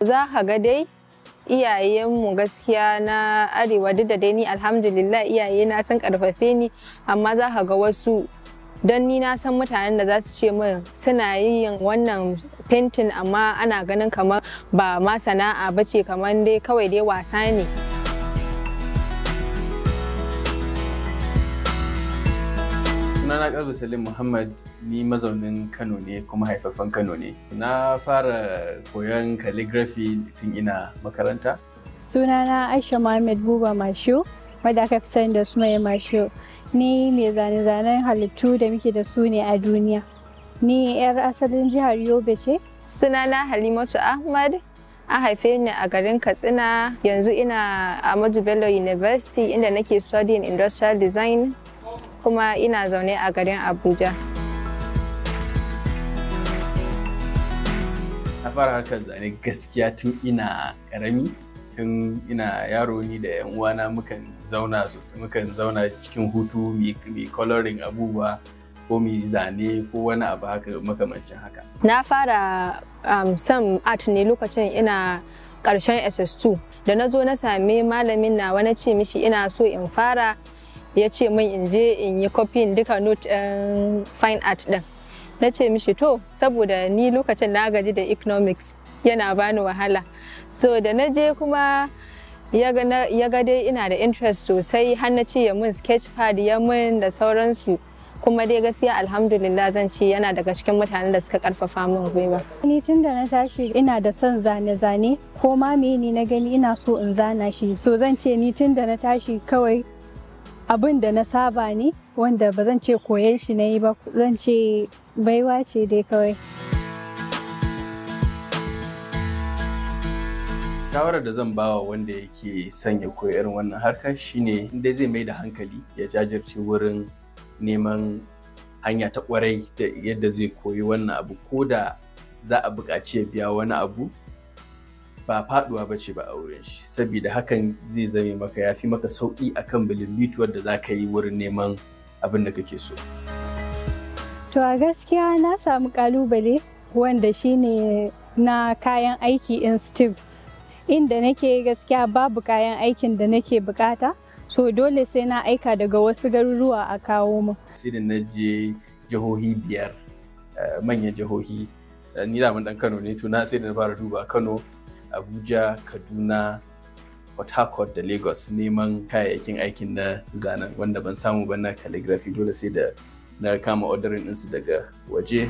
za ka ga dai iyayenmu gaskiya na arewa duk da dai ni alhamdulillah iyaye na sun karfafe ni amma za ka ga wasu don ni na san mutanen da za su ce min suna yin wannan fentin amma ana ganin kamar ba ma sana'a bace kamar dai kawai dai wasa ne. sunana Kazu Salim Muhammad ni mazaunin Kano ne kuma haifaffen Kano ne. Na fara koyon calligraphy tun ina makaranta. Sunana Aisha Muhammad Buba Mashu, wadda aka fi sani da sumayya Mashu. Ni mai zane-zanen halittu da muke da su ne a duniya. Ni 'yar asalin jihar Yobe ce. Sunana Halimatu Ahmad, an haife ni a garin katsina yanzu ina a Bello university inda nake studying industrial design kuma ina zaune a garin Abuja. Na fara harkar zane gaskiya tun ina ƙarami, tun ina yaro ni da 'yan uwana mukan zauna sosai, mukan zauna cikin hutu mai coloring abubuwa ko mai zane ko wani abu haka makamancin haka. Na fara um, son art ne lokacin ina ƙarshen SS2 da na zo na sami malamin na wani ce mishi ina so in fara ya ce min in je in yi kofin duka note ɗin fine art ɗin na ce mishi to saboda ni lokacin na gaji da economics yana bani wahala so da na je kuma ya ga dai ina da interest sosai har na ce ya mun pad ya mun da sauransu kuma dai gaskiya alhamdulillah zan ce yana daga cikin mutanen da suka karfafa min gwiwa. Ni tun da na tashi ina da son zane-zane ko ma ni na gani ina so in zana shi so zan ce ni tun da na tashi kawai abin da na saba ne wanda ba zan ce koyan shi na yi ba zan ce baiwa ce dai kawai shawarar da zan bawa wanda yake sanya koyi irin wannan harka shine inda zai mai da hankali ya jajirce wurin neman hanya ta kwarai da yadda zai koyi wannan abu ko da za a buƙaci ya biya wani abu ba faduwa ba ce ba a wurin shi saboda hakan zai zame maka yafi maka sauƙi akan bilimbituwar da za ka yi wurin neman abin da kake so. To a gaskiya na samu kalubale wanda shine na kayan aiki in Steve. Inda nake gaskiya babu kayan aikin da nake bukata, so dole sai na aika daga wasu garuruwa a kawo mu. Sai da na je jihohi biyar, eh, manyan jihohi. Eh, ni da dan Kano ne, to na sai da na fara duba Kano, abuja kaduna port harcourt da lagos neman kayayyakin aikin na zanen wanda ban samu ba na calligraphy dole sai da na kama odarin ɗinsu daga waje.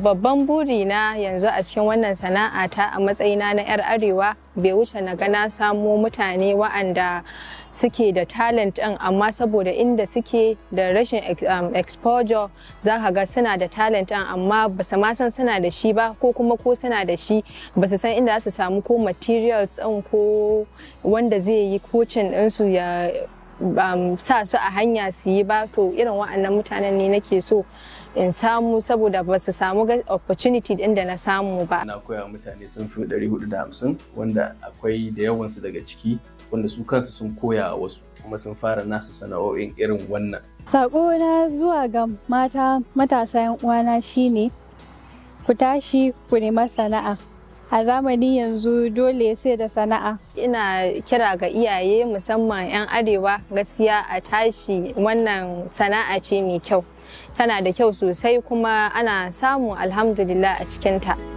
Babban buri na yanzu a cikin wannan sana'a ta a matsayina na 'yar arewa bai wuce na gana na samo mutane wa'anda suke da talent ɗin amma saboda inda suke da rashin um, exposure za ka ga suna da talent ɗin amma ba su ma san suna da shi ba ko kuma ko suna da shi ba su san inda za su samu ko materials ɗin ko wanda zai yi coaching ɗinsu ya sa su a hanya su yi ba to irin wa'annan mutanen ne nake so in samu saboda ba su samu opportunity din da na samu ba. Na koya mutane sun fi 450 wanda akwai da yawansu daga ciki wanda su kansu sun koya wasu kuma sun fara nasu sana'o'in irin wannan. Sako na zuwa ga mata matasa 'yan uwana shine ku tashi ku nema sana'a a zamani yanzu dole sai da sana'a ina kira ga iyaye musamman 'yan arewa gaskiya a tashi wannan sana'a ce mai kyau tana da kyau sosai kuma ana samu alhamdulillah a cikinta.